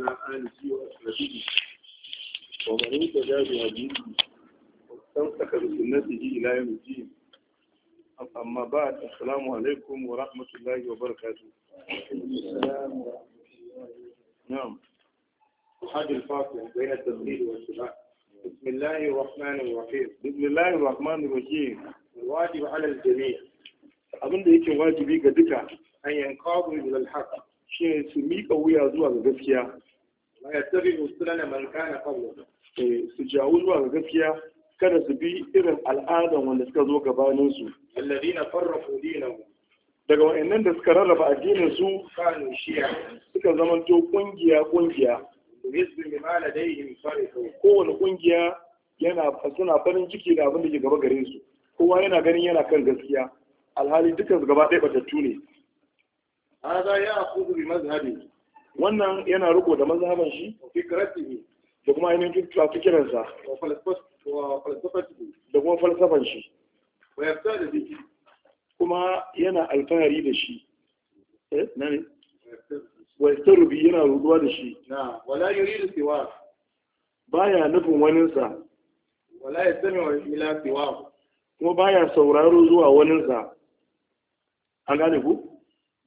وعلى آله وأصحابه ومن اهتدى بهديه واستمسك بسنته إلى يوم الدين أما بعد السلام عليكم ورحمة الله وبركاته نعم هذا الفاصل بين التسليل والسباع بسم الله الرحمن الرحيم بسم الله الرحمن الرحيم الواجب على الجميع abin da yake wajibi ga duka an yankawo bil haqq shi su miƙa wuya zuwa ga gaskiya la yattabi'u sunana man kana qablahu eh, su jawo zuwa ga gaskiya kada su bi irin al'adan wanda suka zo gabanin su alladina farraqu dinahum daga wayannan da suka rarraba addinin su kanu shi'a suka zamanto kungiya kungiya hizbin bima ladayhim farihu kowane kungiya yana suna farin ciki da abin da ke gaba gare su kowa yana ganin yana kan gaskiya alhali dukkan gaba ɗaya batattu ne hada ya akudu bi mazhabi wannan yana riko da mazhaban shi fikratihi da kuma ainihin fikiran sa da kuma falsafan shi kuma yana alfahari da shi eh nani wa yastarubi yana ruduwa da shi na wala yuridu siwa baya nufin wani sa. wala yastami ila siwa kuma baya sauraro zuwa wani sa. an gane ku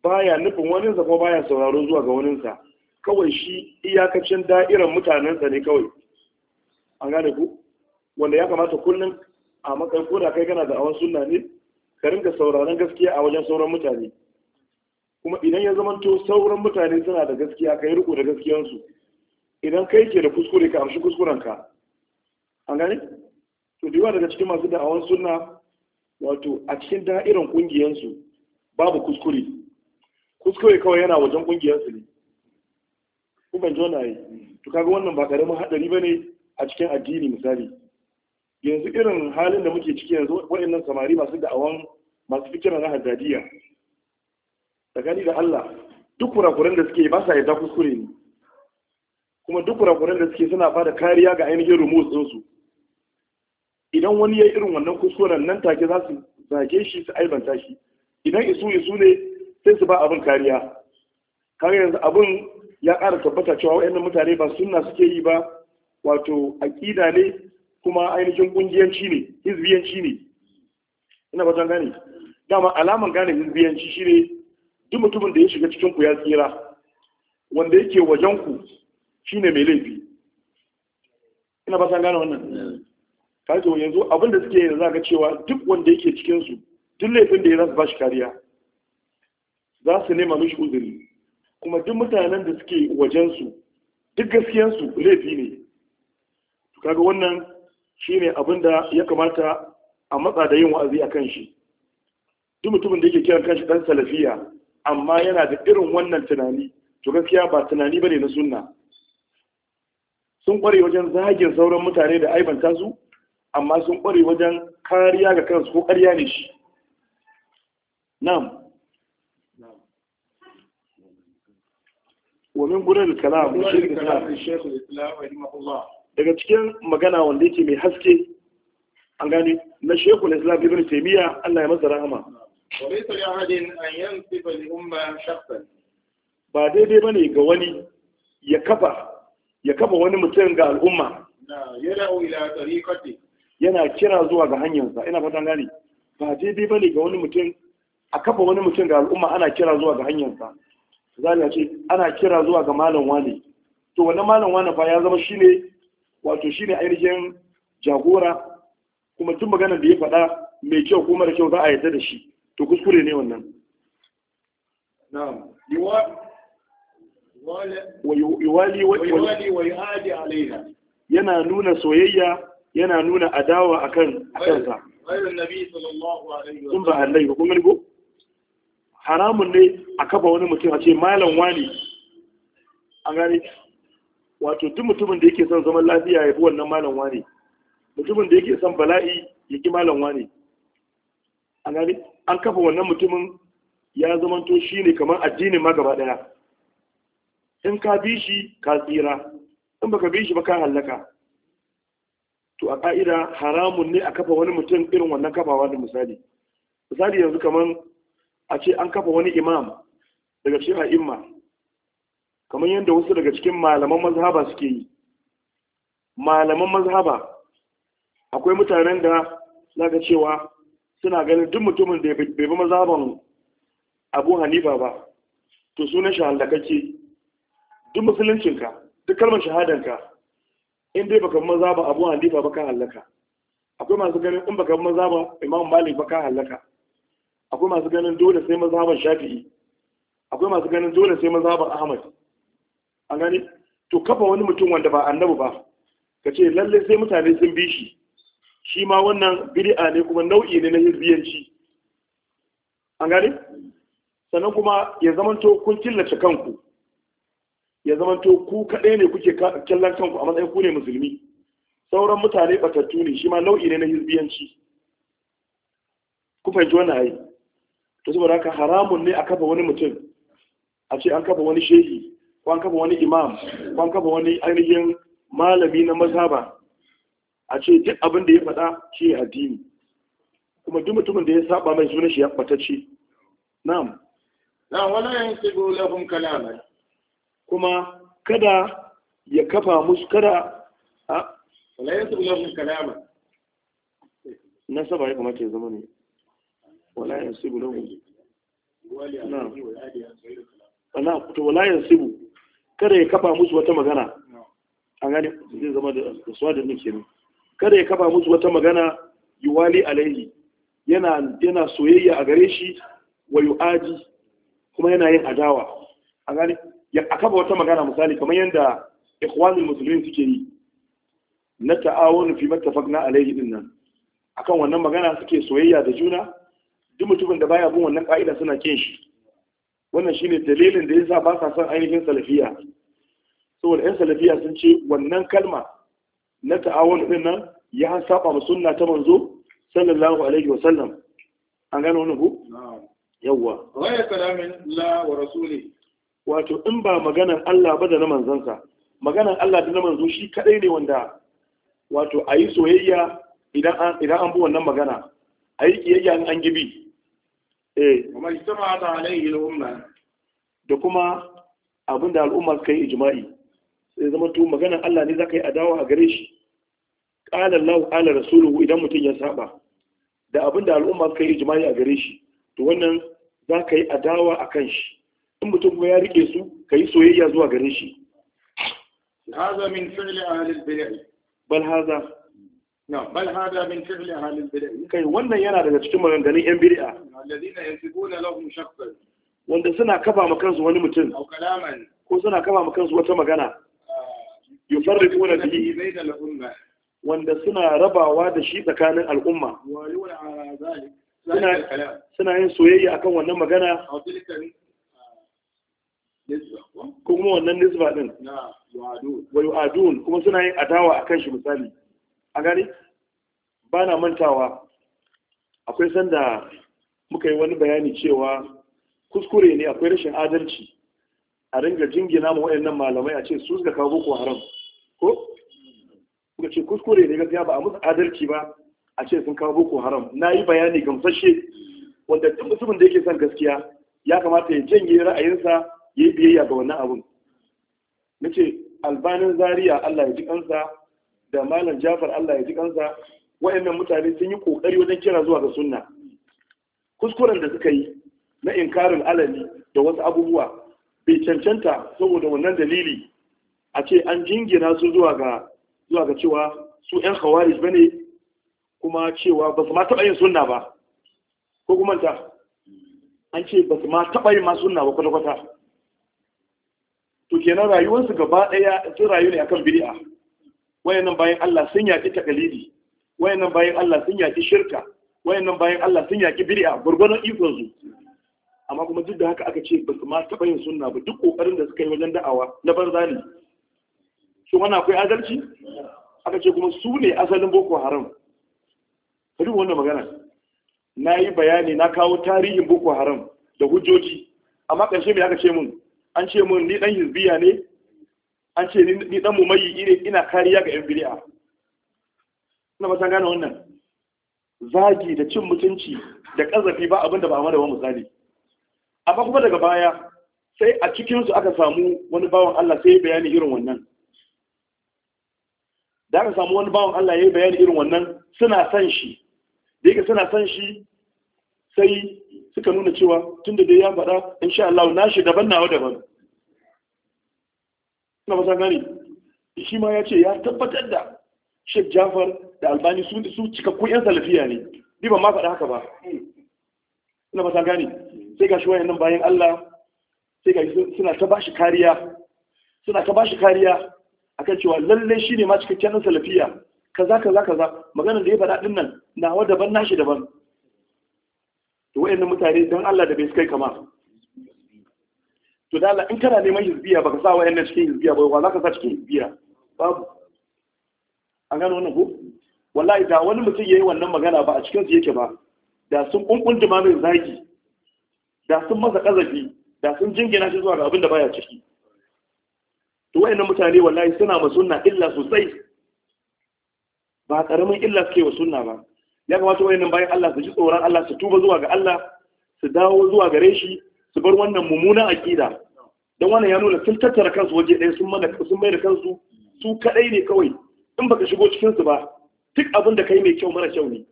baya nufin wani sa kuma baya sauraro zuwa ga wani sa. kawai shi iyakacin da'irar mutanensa ne kawai an gane ku wanda ya kamata kullum a matsayin ko da kai kana da awon suna ne ka da sauraron gaskiya a wajen sauran mutane kuma idan ya zama to sauran mutane suna da gaskiya ka yi riko da gaskiyansu idan kai ke da kuskure ka amshi kuskurenka an gane to da daga cikin masu awon suna, wato a cikin da'irar kungiyansu babu kuskure kuskure kawai yana wajen kungiyansu ne zo na yi to kaga wannan ba karamin hadari ne a cikin addini misali yanzu irin halin da muke ciki yanzu waɗannan samari masu da'awan masu fikiran na haddadiya tsakani da Allah duk kurakuran da suke ba sa yadda kuskure ne kuma duk kurakuran da suke suna da kariya ga ainihin rumus ɗinsu idan wani ya yi irin wannan kuskuren nan take za su zage shi su aibanta shi idan isu isu ne sai su ba abin kariya kare yanzu abin ya ƙara tabbata cewa waɗannan mutane ba suna suke yi ba wato aƙida ne kuma ainihin ƙungiyanci ne hizbiyanci ne ina batan gane dama alaman gane hizbiyanci shine duk mutumin da ya shiga cikin ku ya tsira wanda yake wajen ku shine mai laifi ina batan gane wannan kaje yanzu abin da suke yanzu zaka cewa duk wanda yake cikin su duk laifin da ya zasu bashi kariya za su nema mishi uzuri kuma duk mutanen da suke wajensu duk gaskiyansu laifi ne kaga wannan shine abin da ya kamata a matsa da yin wa'azi a kan shi duk mutumin da yake kiran kanshi dan salafiya amma yana da irin wannan tunani to gaskiya ba tunani bane na sunna sun kware wajen zagin sauran mutane da aibanta su amma sun kware wajen kariya ga kansu ko karya ne shi na'am ومن قرر الكلام الشيخ الإسلام رحمه الله daga cikin magana wanda yake mai haske an gane na shekul islam ibn taymiya Allah ya masa rahama Ba li ba daidai bane ga wani ya kafa ya kafa wani mutum ga al'umma yana kira zuwa ga hanyarsa ina fatan gane ba daidai bane ga wani mutum a kafa wani mutum ga al'umma ana kira zuwa ga hanyarsa misali a ce ana kira zuwa ga malam wani to wannan malam wani fa ya zama shine wato shine ainihin jagora kuma tun maganar da ya faɗa mai kyau ko mara kyau za a yarda da shi to kuskure ne wannan na'am yuwali wa yuhadi alaiha yana nuna soyayya yana nuna adawa akan akan sa. Ayyun Nabi sallallahu alaihi wa sallam. Sun ba Allah kun ko? haramun ne a kafa wani mutum a ce malam wani a gane wato duk mutumin da yake son zaman lafiya ya fi wannan malam wani mutumin da yake son bala'i ya ki malam wani a gane an kafa wannan mutumin ya zamanto shi ne kamar addinin ma gaba ɗaya in ka bi shi ka tsira in baka bi shi ba ka hallaka to a ƙa'ida haramun ne a kafa wani mutum irin wannan kafawa da misali misali yanzu kamar a ce an kafa wani imam daga cikin imma kamar yadda wasu daga cikin malaman mazhaba suke yi malaman mazhaba akwai mutanen da zaka cewa suna ganin duk mutumin da bai bi mazhaban Abu Hanifa ba to sunan shi halakake duk musuluncinka duk kalmar shahadanka in dai baka mazhaba Abu Hanifa ba ka halaka akwai masu ganin in baka mazhaba Imam Malik ba ka halaka akwai masu ganin dole sai mazhaban shafi'i akwai masu ganin dole sai mazhaban ahmad an gani to kafa wani mutum wanda ba annabi ba ka ce lalle sai mutane sun bi shi shi ma wannan bid'a ne kuma nau'i ne na hizbiyanci an gani sannan kuma ya zamanto kun killace kanku ya zamanto ku kaɗai ne kuke kallon kanku a matsayin ku ne musulmi sauran mutane batattu ne shi ma nau'i ne na hizbiyanci ku fahimci wannan ayi to saboda haka haramun ne a kafa wani mutum a ce an kafa wani shehi ko an kafa wani imam ko an kafa wani ainihin malami na mazhaba a ce duk abin da ya faɗa shi addini kuma duk mutumin da ya saba mai sunan shi ya ce na'am na wala yansibu lahum kalamai kuma kada ya kafa musu kada a wala yansibu lahum kalaman nasaba ya kamata ya zama ne wala yansibu lahu wala yansibu kada ya kafa musu wata magana an gane zai zama da suwadin din kenan kada ya kafa musu wata magana yuwali alaihi yana yana soyayya a gare shi wa yu'aji kuma yana yin adawa an gane ya kafa wata magana misali kamar yanda ikhwanul muslimin suke yi na ta'awun fi mattafaqna alaihi din akan wannan magana suke soyayya da juna duk mutumin da baya bin wannan ka'ida suna kin shi wannan shine dalilin da yasa ba sa son ainihin salafiya saboda yan salafiya sun ce wannan kalma na ta'awun din nan ya saba mu sunna ta manzo sallallahu alaihi wa sallam an gano wannan ku yawwa ghayr kalamin la wa rasuli wato in ba maganar Allah ba da na manzansa maganar Allah da na manzo shi kadai ne wanda wato ayi soyayya idan an idan an bi wannan magana ayi kiyayya an gibi eh ta da kuma abinda al'umma suka yi ijma'i sai zama to maganar Allah ne zaka yi adawa a gare shi qala Allah qala rasuluhu idan mutum ya saba da abinda al'umma suka yi jima'i a gare shi to wannan ka yi adawa kan shi in mutum ya rike su yi soyayya zuwa gare shi هذا من فعل أهل البدع Bal haza. بل هذا من فعل اهل البدع kai wannan yana daga cikin maganganun yan bid'a alladhina yansibuna lahum shakhsan wanda suna kafa ma kansu wani mutum aw kalaman ko suna kafa ma kansu wata magana yufarriquna bihi al-umma wanda suna rabawa da shi tsakanin al'umma suna yin soyayya akan wannan magana ko kuma wannan nisba din wa yu'adun kuma suna yin adawa akan shi misali a gani ba na mantawa akwai sanda muka yi wani bayani cewa kuskure ne akwai rashin adalci a ringa jingina ma waɗannan malamai a ce su suka kawo boko haram ko kuka ce kuskure ne gaskiya ba a musu adalci ba a ce sun kawo boko haram na yi bayani gamsashe wanda duk mutumin da yake son gaskiya ya kamata ya janye ra'ayinsa ya yi biyayya ga wannan abun na ce albanin zaria allah ya ji kansa da malam jafar allah ya ji kansa wayannan mutane sun yi kokari wajen kira zuwa ga sunna kuskuren da suka yi na inkarin alali da wasu abubuwa bai cancanta saboda wannan dalili a ce an jingina su zuwa ga zuwa ga cewa su yan khawarij bane kuma cewa ba su ma taɓa yin sunna ba ko kuma ta an ce ba su ma taɓa yin ma sunna ba kwata-kwata to kenan rayuwarsu gaba ɗaya sun rayu ne akan bid'a wayannan bayan Allah sun yaƙi takalidi wayannan bayan Allah sun yaki shirka wayannan bayan Allah sun yaki bid'a gurgurdan ikon su amma kuma duk da haka aka ce ba su ma taɓa yin sunna ba duk ƙoƙarin da suka yi wajen da'awa na banza ne shi wannan akwai adalci aka ce kuma su ne asalin boko haram ka duk wannan magana na yi bayani na kawo tarihin boko haram da hujjoji amma ƙarshe mai aka ce mun an ce mun ni ɗan hizbiya ne an ce ni ɗan mumayi ne ina kariya ga yan bili'a na ba gane wannan zagi da cin mutunci da ƙazafi ba abinda ba a da wani misali amma kuma daga baya sai a cikinsu aka samu wani bawan Allah sai ya bayani irin wannan da aka samu wani bawan Allah ya yi bayani irin wannan suna san shi da yake suna san shi sai suka nuna cewa tun da dai ya faɗa insha Allah na shi daban nawa daban na ba gani shi ma ya ce ya tabbatar da Sheikh Jafar da albani su cikakku yan salafiya ne ni ban ma faɗa haka ba ina fata gane sai ga shi wayannan bayan Allah sai ga suna ta bashi kariya suna ta bashi kariya akan cewa lalle shi ne ma cikakken salafiya kaza kaza kaza magana da ya faɗa din nan nawa daban nashi daban to wayannan mutane dan Allah da bai kai kama to dala in kana neman hizbiya baka sa wayannan cikin hizbiya ba wa zaka sa cikin hizbiya babu an gano wannan ko wallahi da wani mutum ya yi wannan magana ba a cikin su yake ba da sun kunkunduma mai zagi da sun masa kazafi da sun jingina shi zuwa ga abin da baya ciki to wayannan mutane wallahi suna ma sunna illa sosai ba karamin illa suke wa sunna ba ya kamata wayannan bayan Allah su ji tsoron Allah su tuba zuwa ga Allah su dawo zuwa gare shi su bar wannan mummunan aqida dan wannan ya nuna sun tattara kansu waje ɗaya sun mana sun mai da kansu su kadai ne kawai in baka shigo cikin su ba duk abin da kai mai kyau mara kyau ne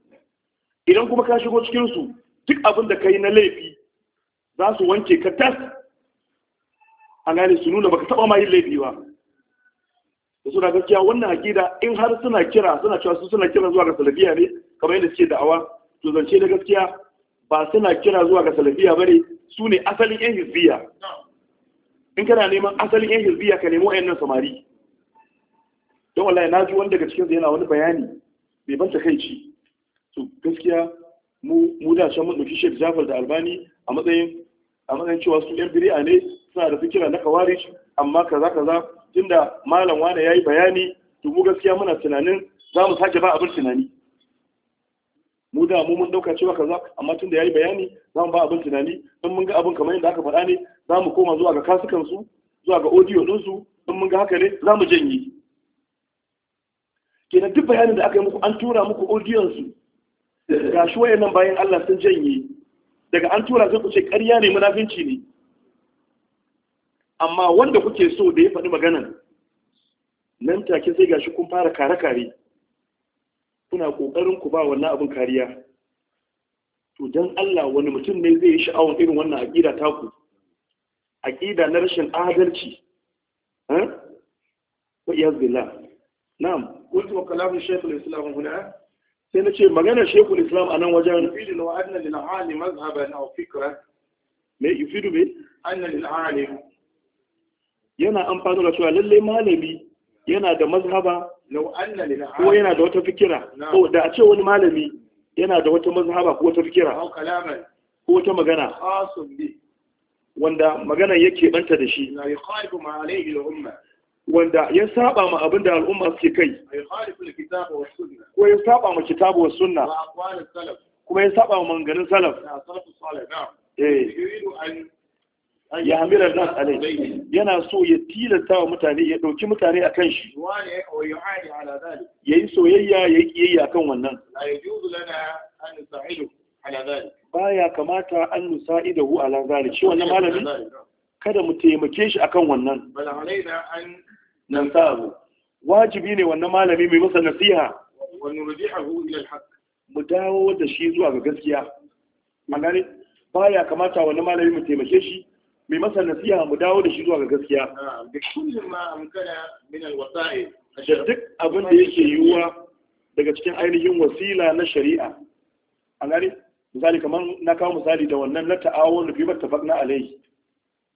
idan kuma ka shigo cikinsu, su duk abin da kai na laifi za su wanke ka tas a gane su nuna baka taba ma yin laifi ba da suna gaskiya wannan akida in har suna kira suna cewa su suna kira zuwa ga salafiya ne kamar yadda suke da'awa to zance na gaskiya ba suna kira zuwa ga salafiya bane su ne asalin yan hizbiya in kana neman asalin yan hizbiya ka nemo wayannan samari don wallahi na ji wani daga cikin yana wani bayani bai ban ta kai ci to gaskiya mu da can mu ɗauki Jafar da Albani a matsayin a matsayin cewa su yan biri'a ne suna da fikira na kawarish amma kaza kaza tunda malam wane yayi bayani to mu gaskiya muna tunanin za mu sake ba abin tunani mu da mu mun dauka cewa kaza amma tunda yayi bayani za mu ba abin tunani don mun ga abin kamar yadda aka faɗa ne za mu koma zuwa ga kasukansu, su zuwa ga audio din su mun ga haka ne za mu janye kenan duk bayanin da aka yi muku an tura muku su ga shi wayannan bayan Allah sun janye daga an tura sai ku ce ƙarya ne munafinci ne amma wanda kuke so da ya faɗi magana? nan take sai gashi kun fara kare-kare kuna ƙoƙarin ku ba wannan abin kariya to dan Allah wani mutum ne zai yi sha'awar irin wannan aƙida taku aƙida na rashin adalci ha? wa na'am qultu wa kalamu Sheikhul islam huna sai nace magana Sheikhul al-islam anan wajen fili law anna lil alim mazhaban aw fikran me yufidu bi anna lil alim yana amfani da cewa lalle malami yana da mazhaba law anna lil ko yana da wata fikira ko da a ce wani malami yana da wata mazhaba ko wata fikira ko ko wata magana wanda magana yake banta da shi ma alayhi al umma wanda ya saba ma abin da al'umma suke kai ko ya saba ma kitabu wa sunna kuma ya saba ma manganin salaf eh. ya hamira nas alai yana so ya tilasta wa mutane ya dauki mutane kan shi yayi soyayya ya yi kiyayya kan wannan Ba ya kamata an nusa'idahu ala zalik shi wannan malamin kada mu taimake shi akan wannan nan sa'ahu wajibi ne wannan malami mai masa nasiha mu dawo da shi zuwa ga gaskiya an ba ya kamata wannan malami mu taimake shi mai masa nasiha mu dawo da shi zuwa ga gaskiya ah, da duk abin da yake yiwuwa daga cikin ainihin wasila na shari'a a gane misali kamar na kawo misali da wannan na ta'awon da bi mattafaq na alai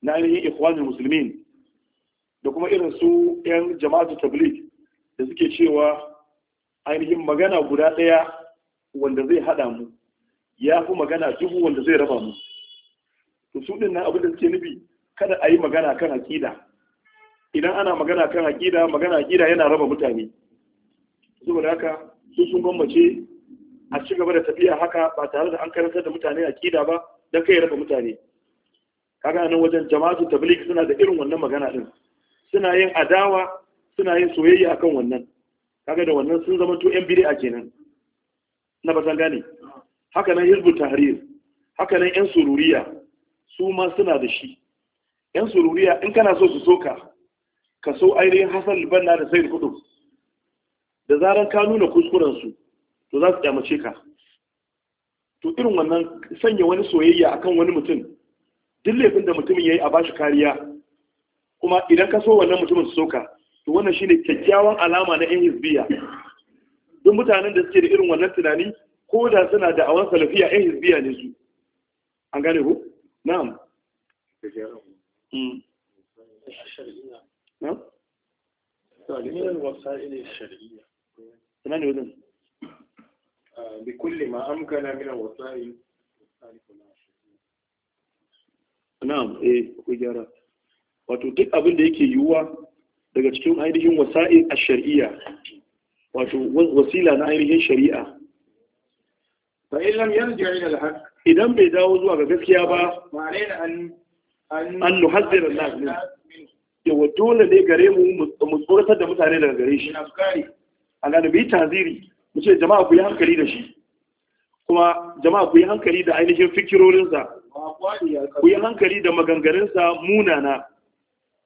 na ainihin ikhwanin Musulmin, da kuma irin su yan jama'atu tabligh da suke cewa ainihin magana guda ɗaya wanda zai haɗa mu ya fi magana dubu wanda zai raba mu to su ɗin nan abin da suke nufi kada a yi magana kan aƙida idan ana magana kan aƙida magana aƙida yana raba mutane saboda haka su sun gwammace a ci gaba da tafiya haka ba tare da an karantar da mutane aƙida ba don kai raba mutane kaga nan wajen jama'atu tabligh suna da irin wannan magana din suna yin adawa suna yin soyayya akan wannan kaga da wannan sun zama to yan bid'a kenan na batan gane haka nan hizbu tahrir haka nan yan sururiya su ma suna da shi yan sururiya in kana so su soka ka so ainihin hasan banna da sayyid kudu da zaran ka nuna kuskuren su to za su kyamace ka to irin wannan sanya wani soyayya akan wani mutum duk laifin da mutumin yayi a bashi kariya kuma idan ka so wannan mutumin su soka to wannan shine kyakkyawan alama na yan duk mutanen da suke da irin wannan tunani ko da suna da awan salafiya yan ne su an gane ku na'am بكل ما أمكن من الوسائل na'am eh akwai gyara wato duk abin da yake yiwuwa daga cikin ainihin wasa'i a shari'a wato wasila na ainihin shari'a fa in yarji ila al-haq idan bai dawo zuwa ga gaskiya ba ma'ana an an nuhazzir an-nas yawa dole ne gare mu mu tsoratar da mutane daga gare shi a bi taziri mu ce jama'a ku yi hankali da shi kuma jama'a ku yi hankali da ainihin fikirorinsa ku yi hankali da maganganunsa munana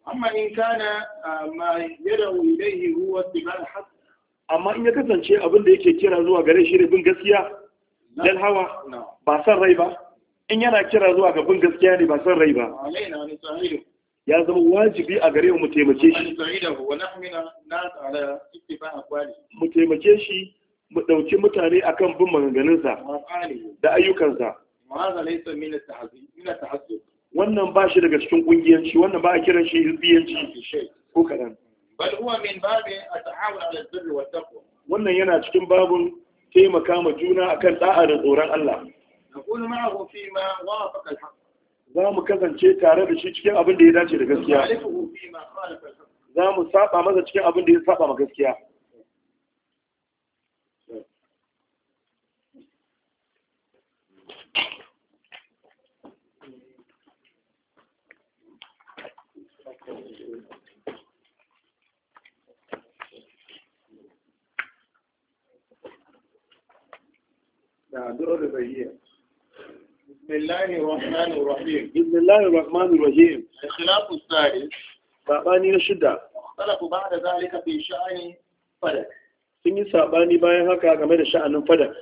amma in kana ah, ma yadahu ilayhi huwa tibal haqq amma in ya kasance abin da yake kira zuwa gare shi bin gaskiya dan hawa ba san rai ba in yana kira zuwa ga bin gaskiya ne ba san rai ba ya zama wajibi a gare mu taimake shi mu taimake shi mu ɗauki mutane akan bin maganganunsa da ayyukansa وهذا ليس من التحزب من التحزب wannan ba shi daga cikin kungiyanci wannan ba a kiran shi hizbiyanci ko kaɗan. bal huwa min babi at-ta'awun 'ala al-birri wat-taqwa wannan yana cikin babun taimaka ma juna akan da'a da tsoron Allah نقول ma فيما وافق الحق za mu kasance tare da shi cikin abin da ya dace da gaskiya za mu saba masa cikin abin da ya saba ma gaskiya da durar da bayyana بسم الله الرحمن الرحيم بسم الله الرحمن الرحيم الخلاف الثالث saɓani na shida salafu ba da zalika sha'ani fadak sun yi saɓani bayan haka game da sha'anin fadak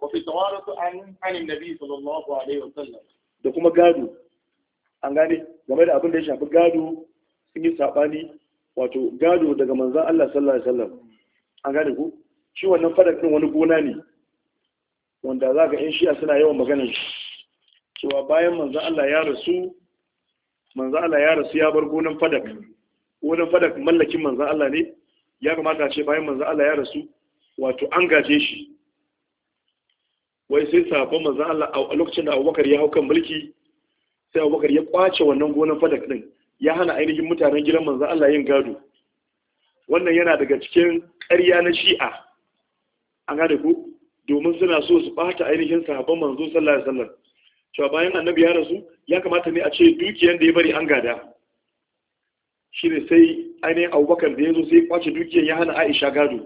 wa fi tawaratu an an nabi sallallahu alaihi wa sallam da kuma gado an gane game da abin da ya shafi gado sun yi saɓani wato gado daga manzon Allah sallallahu alaihi wasallam gane ku shi wannan fadak wani gona ne wanda za ka 'yan shi'a suna yawan maganin cewa bayan manzan Allah ya rasu ya bar gonan fadak gonan fadak mallakin manzan Allah ne ya kamata ce bayan manzan Allah ya rasu wato an gaje shi wai sai sabon manzan Allah a lokacin da Abubakar ya hau kan mulki sai Abubakar ya kwace wannan gonan fadak din ya hana ainihin mutanen gidan manzan Allah yin gado wannan yana daga cikin ƙarya na shi'a an gane ku domin suna so su bata ainihin sahabban manzo sallallahu alaihi wasallam cewa bayan annabi ya rasu ya kamata ne a ce dukiyar da ya bari an gada shi ne sai ainihin abubakar da ya zo sai ya kwace dukiyar ya hana aisha gado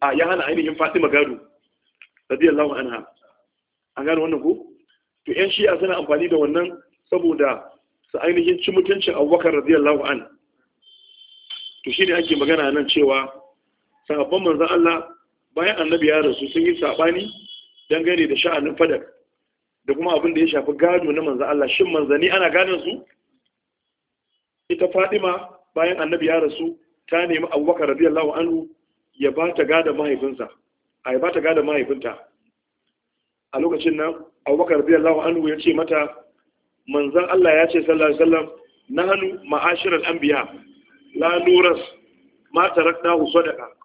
a ya hana ainihin fatima gado radiyallahu anha an gano wannan ko to yan a suna amfani da wannan saboda su ainihin ci mutuncin abubakar radiyallahu an to shi ne ake magana nan cewa sahabban manzan allah bayan annabi ya rasu sun yi saɓani dangane da sha'anin fadar da kuma abin da ya shafi gado na manzan Allah shin manzanni ana ganin su ita Fadima bayan annabi ya rasu ta nemi Abubakar radiyallahu anhu ya ba ta gada mahaifinsa a ya ba ta gada mahaifinta a lokacin nan Abubakar radiyallahu anhu ya ce mata manzan Allah ya ce sallallahu alaihi wasallam hannu ma'ashirar anbiya la nuras ma taraknahu sadaqa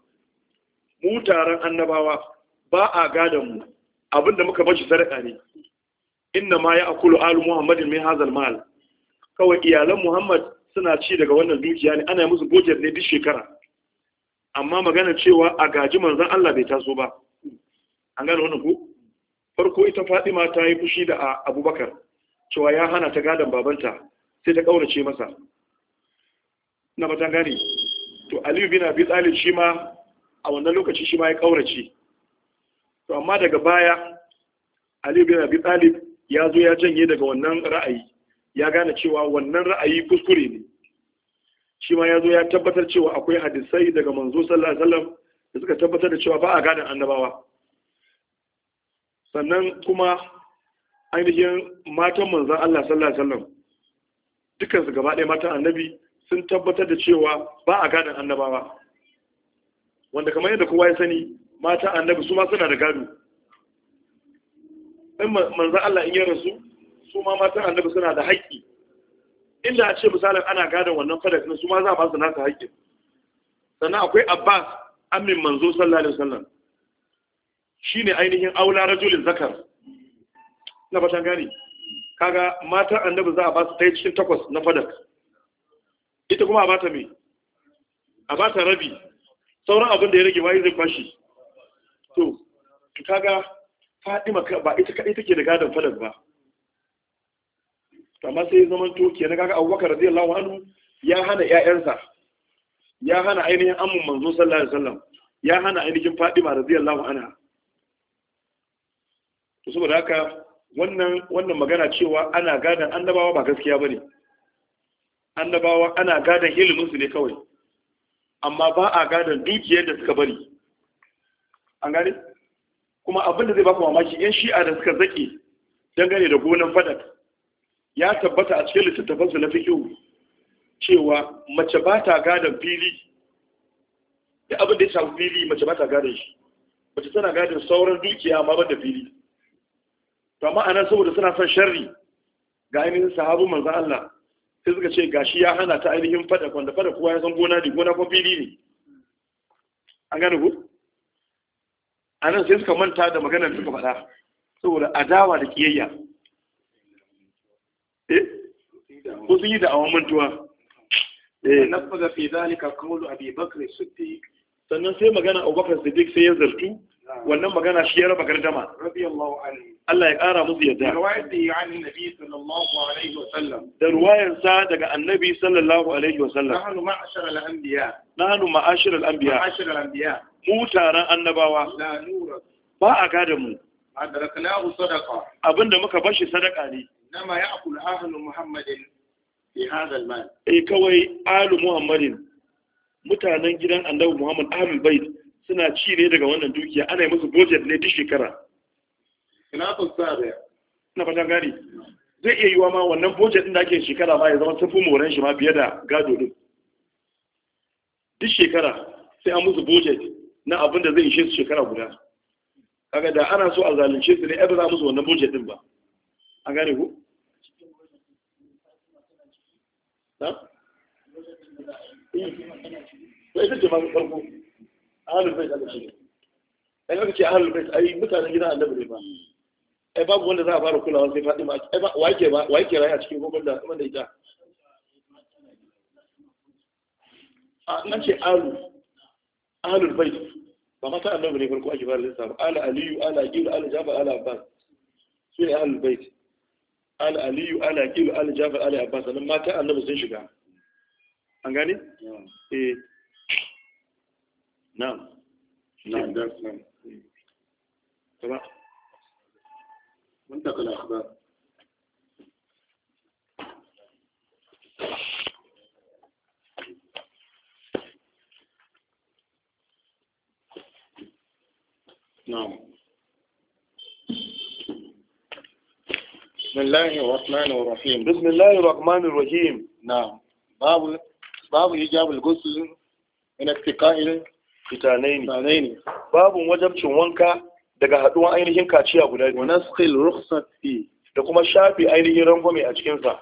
mu taron annabawa ba a gadon mu abinda muka bashi sadaka ne inna ma ya akulu alu muhammad min hazal mal kawai iyalan muhammad suna ci daga wannan dukiya ne ana yi musu bojar ne duk shekara amma magana cewa a gaji manzon Allah bai taso ba an gane wannan ko farko ita Fatima ta yi fushi da Abubakar cewa ya hana ta gadon babanta sai ta kaurace masa na ba ta gane to Aliyu bin Abi Talib shi ma a wannan lokaci shi ma ya kaurace to amma daga baya Ali bin Abi Talib ya zo ya janye daga wannan ra'ayi ya gane cewa wannan ra'ayi kuskure ne shi ma ya zo ya tabbatar cewa akwai hadisai daga manzo sallallahu alaihi wasallam da suka tabbatar da cewa ba a gadon annabawa sannan kuma ainihin matan manzan Allah sallallahu alaihi wasallam dukkan su gaba ɗaya matan annabi sun tabbatar da cewa ba a gadon annabawa wanda kamar yadda kowa ya sani mata annabi su ma suna da gado in manzan Allah in ya rasu su ma matan annabi suna da haƙƙi inda a ce misalin ana gadon wannan fadar na su ma za a ba su nasa haƙƙin sannan akwai abbas amin manzo sallallahu alaihi wasallam shine ainihin aula rajulin zakar na fatan gani kaga mata annabi za a ba su ɗaya cikin takwas na fadak ita kuma a bata ta me a rabi sauran abin da ya rage waye zai kwashi to kaga Fadima ba ita kadai take da gadon falak ba amma sai zaman to kenan kaga Abubakar radiyallahu anhu ya hana ƴaƴansa ya hana ainihin amman manzo sallallahu alaihi wasallam ya hana ainihin Fadima radiyallahu anha to saboda haka wannan wannan magana cewa ana gadan annabawa ba gaskiya bane annabawa ana gadan ilimin su ne kawai amma ba a gadon dukiyar da suka bari an gane kuma abinda zai baka mamaki yan shi'a da suka zake dangane da gonan fadar ya tabbata a cikin littattafansu na kyau. cewa mace ba ta gadon fili da abin da ya shafi fili mace ba ta gadon shi mace tana gadon sauran dukiya amma ban da fili to amma anan saboda suna son sharri ga ainihin sahabu manzan Allah sai suka ce gashi ya hana ta ainihin fada kwanda fada kowa ya san gona ne gona kuma ne an gane ku a nan sai suka manta da maganar suka faɗa saboda adawa da kiyayya eh ko sun yi da awon mantuwa eh na nafaza fi zalika qawlu abi bakr sannan sai magana a Bakr Siddiq sai ya zartu wannan magana shi ya raba gardama Allah ya kara musu yadda da ruwayansa daga annabi sallallahu alaihi wa wasallam nahnu ma'ashir al'ambiya mu taron annabawa ba a gada mu abinda muka bashi sadaka ne nama ya akul ahalu muhammadin fi hadal mal eh kawai alu muhammadin mutanen gidan annabi muhammad ahlul bait suna ci ne daga wannan dukiya ana yi musu budget ne duk shekara ina son sa da na fatan gani zai iya yiwa ma wannan budget din da ake shekara ma ya zama tafi moran shi ma biye da gado din duk shekara sai an musu budget na abin da zai ishe su shekara guda kaga da ana so a zalunce su ne ba za musu wannan budget din ba an gane ku na? Eh, ita ce ma farko ahalul bait Allah shi ai haka ce ahalul bait ai mutanen gidan annabi ne ba ai babu wanda za a fara kulawa sai fadi ma. wa yake ba wa cikin gogon da kuma da ita a nan ce alu ahalul bait ba mata annabi ne farko ake fara lissafa ala aliyu ala gilu ala jafar ala abbas su ne ahalul bait ala aliyu ala gilu ala jafar ala abbas sannan mata annabi sun shiga an gane eh نعم نعم درس نعم صباح منتقل الأخبار نعم بسم الله الرحمن الرحيم بسم الله الرحمن الرحيم نعم باب باب إيجاب الغسل من اتقاء fitanai ne babun wajabcin wanka daga haduwan ainihin kaciya guda biyu wanaskil rukhsat fi da kuma shafi ainihin rangwame a cikin sa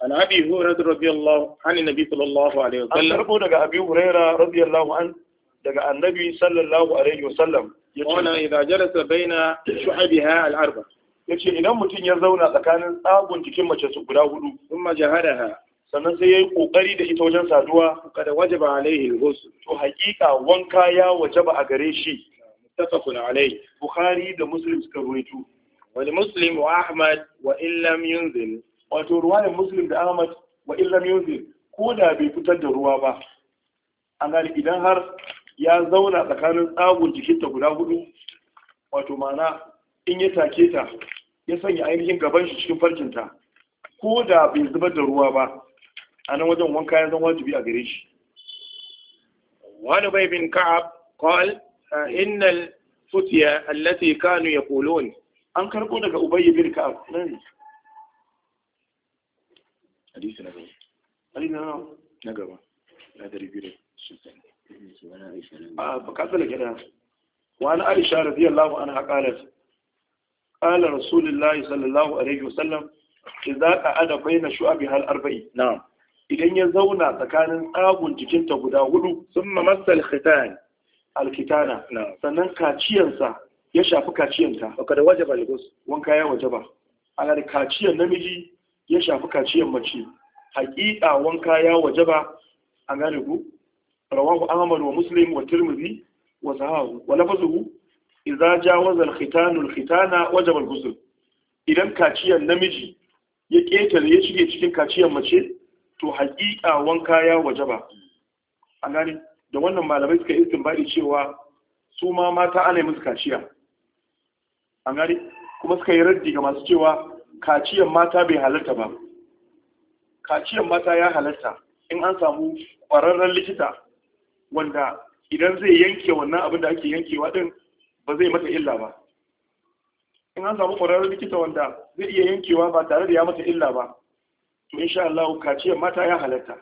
an abi hurairah radiyallahu anhu nabi sallallahu alaihi wasallam an karbo daga abi hurairah radiyallahu an daga annabi sallallahu alaihi wasallam yace idza jalasa baina shu'abiha al-arba yace idan mutum ya zauna tsakanin tsagun jikin mace su guda hudu kuma jaharaha sannan sai ya yi ƙoƙari da ita wajen saduwa kada wajaba alaihi al-ghusl to haƙiƙa wanka ya wajaba a gare shi muttafaqun alaihi bukhari da muslim suka ruwaito wal muslim wa ahmad wa in lam yunzil wato ruwan muslim da ahmad wa in lam yunzil ko da bai fitar da ruwa ba an gani idan har ya zauna tsakanin tsagon jikinta guda hudu wato mana in ya take ta ya sanya ainihin gaban shi cikin farkinta ko da bai zubar da ruwa ba أنا وجد وان كان ذا واجب يعريش وأنا بي بن كعب قال إن الفتية التي كانوا يقولون أن كربونا أبي بن كعب نعم حديث نعم حديث نعم نعم لا أدري بيرة آه فكذا لكذا وأنا عائشة رضي الله وأنا قالت قال رسول الله صلى الله عليه وسلم إذا أعد بين شعبها الأربعين نعم no. idan ya zauna tsakanin tsagun jikinta guda hudu sun mamassa alkhitani alkitana sannan kaciyansa ya shafi kaciyanta baka da wajaba lagos wanka ya wajaba ana kaciyan namiji ya shafi kaciyan mace hakika wanka ya wajaba an gane ku rawahu ahmad wa muslim wa tirmidhi wa sahahu wa lafazuhu idza jawaza alkhitanu alkhitana wajaba alghusl idan kaciyan namiji ya ketare ya shige cikin kaciyan mace to haƙiƙa wanka ya waje ba an gane da wannan malamai suka yi bari cewa su ma mata ana yi musu kaciya an gane kuma suka yi raddi ga masu cewa kaciyan mata bai halarta ba kaciyan mata ya halarta in an samu ƙwararren likita wanda idan zai yanke wannan abin da ake yankewa din ba zai mata illa ba in an samu ƙwararren likita wanda zai iya yankewa ba tare da ya mata illa ba to insha Allah kaciya mata ya halatta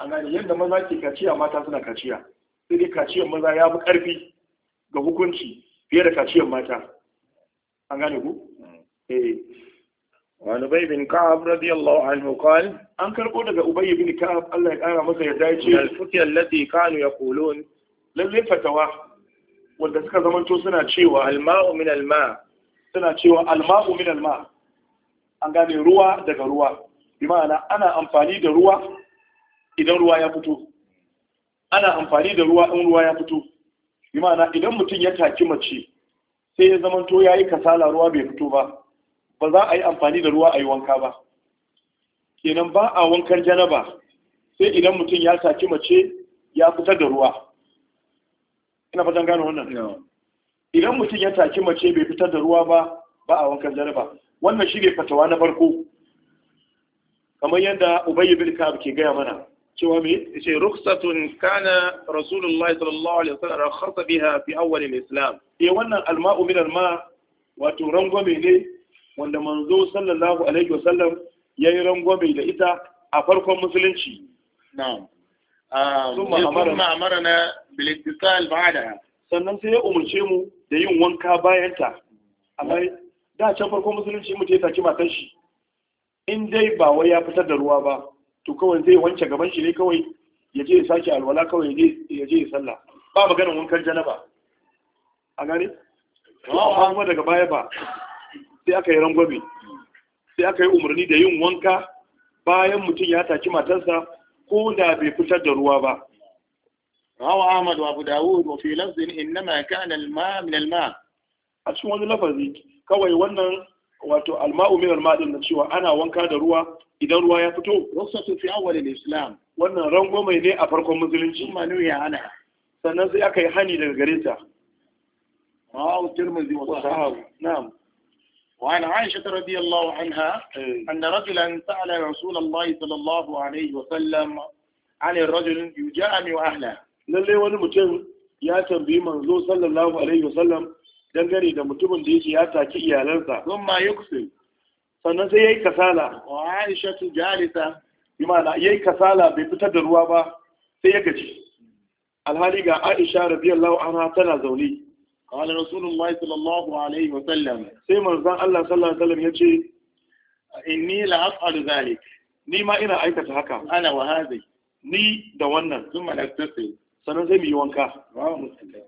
a gane yadda maza ke kaciya mata suna kaciya sai dai kaciyar maza ya fi ƙarfi ga hukunci fiye da kaciyar mata an gane ku eh wani bai bin ka'ab radiyallahu anhu qal an karbo daga ubay bin ka'ab Allah ya kara masa yarda ya ce al-fuqi allati kanu yaqulun lalle fatawa wanda suka zamanto suna cewa al-ma'u min al-ma suna cewa al-ma'u min al-ma an gane ruwa daga ruwa bi ma'ana ana amfani da ruwa idan ruwa ya fito ana amfani da ruwa in ruwa ya fito bi ma'ana idan mutum ya taki mace sai ya zamanto ya yi kasala ruwa bai fito ba ba za a yi amfani da ruwa a yi wanka ba kenan ba a wankan janaba sai idan mutum ya taki mace ya fitar da ruwa ina fatan gane wannan idan mutum ya taki mace bai fitar da ruwa ba ba a wankan janaba wannan shi ne fatawa na farko kamar yadda ubayy bin ka'ab ke gaya mana cewa me yace rukhsatun kana rasulullah sallallahu alaihi wasallam rakhasa biha fi awwal al-islam eh wannan alma'u min alma wato rangwame ne wanda manzo sallallahu alaihi wasallam yayi rangwame da ita a farkon musulunci na'am kuma um, amarna bil ittisal ba'daha sannan sai ya umurce mu da yin wanka bayanta amma da can farko musulunci mutum ya taki matan shi in dai ba wai ya fitar da ruwa ba to kawai zai wanke gaban shi ne kawai ya je ya sake alwala kawai ya je ya sallah ba maganin wankan janaba a gani a kuma daga baya ba sai aka yi rangwabe sai aka yi umarni da yin wanka bayan mutum ya taki matarsa ko da bai fitar da ruwa ba rawa ahmad wa abu وفي لفظ fi كان الماء من الماء ma min ma a cikin wani kawai wannan wato alma'u min alma'din da cewa ana wanka da ruwa idan ruwa ya fito rukhsatu fi awwal al-islam wannan rango mai ne a farkon musulunci ya ana sannan sai aka yi hani daga gare ta rawahu tirmidhi wa sahahu na'am وعن ya رضي الله عنها أن رجلا سأل رسول الله صلى الله عليه وسلم عن الرجل يجامع أهله wani mutum ya tambayi manzo sallallahu alaihi wa sallam. dangane da mutumin da yake ya taki iyalansa don ma yuksir sannan sai ya yi kasala wa Aisha tu jalisa ya yi kasala bai fitar da ruwa ba sai ya gaji alhali ga Aisha radiyallahu anha tana zaune qala rasulullahi sallallahu alaihi wa sallam sai manzon Allah sallallahu alaihi wa sallam ce inni la af'alu zalik ni ma ina aikata haka ana wa hadhi ni da wannan sun malakta sai sannan sai mu yi wanka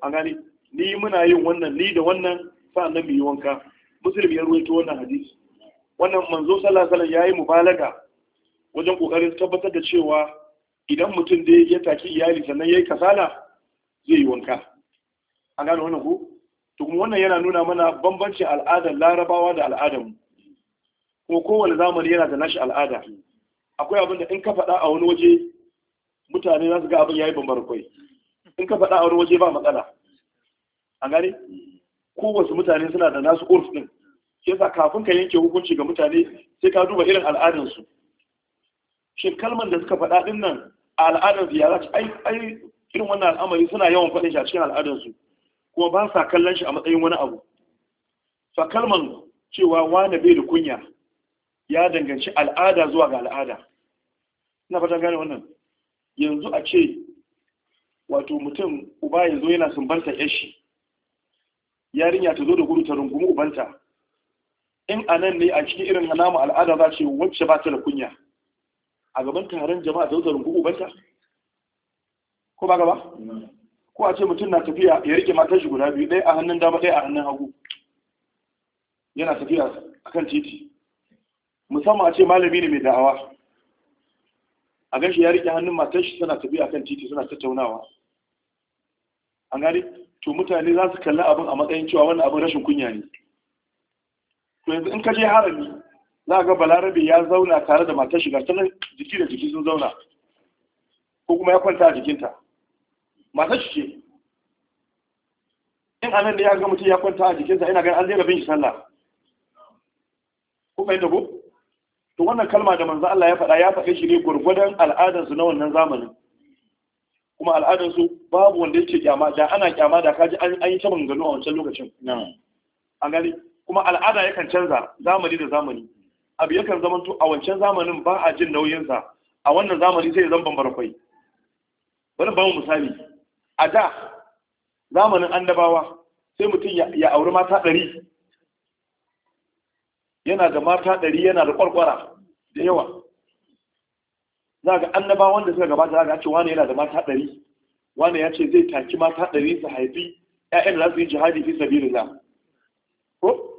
A gani ni muna yin wannan ni da wannan sa'annan mu yi wanka muslim ya ruwaito wannan hadisi wannan manzo sallallahu alaihi yayi mubalaga wajen kokarin tabbatar da cewa idan mutum dai ya taki iyali sannan yayi kasala zai yi wanka A gano wannan ko to kuma wannan yana nuna mana bambancin al'adar larabawa da al'adar mu kuma kowane zamani yana da nashi al'ada akwai abin da in ka faɗa a wani waje mutane za su ga abin yayi bambar kwai in ka faɗa a wani waje ba matsala an gane kowace mutane suna da nasu urf din shi yasa kafin ka yanke hukunci ga mutane sai ka duba irin al'adansu shin kalmar da suka faɗa din nan a al'adar ya yara ai ai irin wannan al'amari suna yawan faɗin shi a cikin al'adarsu kuma ba sa kallon shi a matsayin wani abu fa kalman cewa wani bai da kunya ya danganci al'ada zuwa ga al'ada ina fatan gane wannan yanzu a ce wato mutum uba yanzu yana sumbantar yashi yarinya ta zo da gudu ta rungumi ubanta in a nan ne a cikin irin namu al'ada za ce wacce ba ta da kunya a gaban taron jama'a ta zo da rungumi ubanta ko ba gaba ko a ce mutum na tafiya ya rike matar shi guda biyu ɗaya a hannun dama ɗaya a hannun hagu yana tafiya a kan titi musamman a ce malami ne mai da'awa a gan shi ya rike hannun matar shi suna tafiya a kan titi suna tattaunawa an gani to mutane za su kalli abin a matsayin cewa wannan abin rashin kunya ne to yanzu in ka je harami za ga balarabe ya zauna tare da matar shiga ta jiki da jiki sun zauna ko kuma ya kwanta a jikinta matar shi ce in anan da ya ga mutum ya kwanta a jikinta ina ganin an zai rabin shi sallah ko yadda ko to wannan kalma da manzo Allah ya faɗa ya faɗe shi ne gurgurdan al'adarsu na wannan zamanin kuma al'adar su babu wanda yake kyama da ana kyama da kaji an yi ta gano a wancan lokacin an gani kuma al'ada yakan canza zamani da zamani abu yakan zama to a wancan zamanin ba a jin nauyinsa a wannan zamani sai zan zama bambara kwai bari ba misali a da zamanin annabawa sai mutum ya auri mata ɗari yana da mata ɗari yana da ƙwarƙwara da yawa za ga Annaba wanda suka gabata za ga ce wani yana da mata ɗari wani ya ce zai taki mata ɗari su haifi ƴaƴan da za su yi jihadi fi sabilillah ko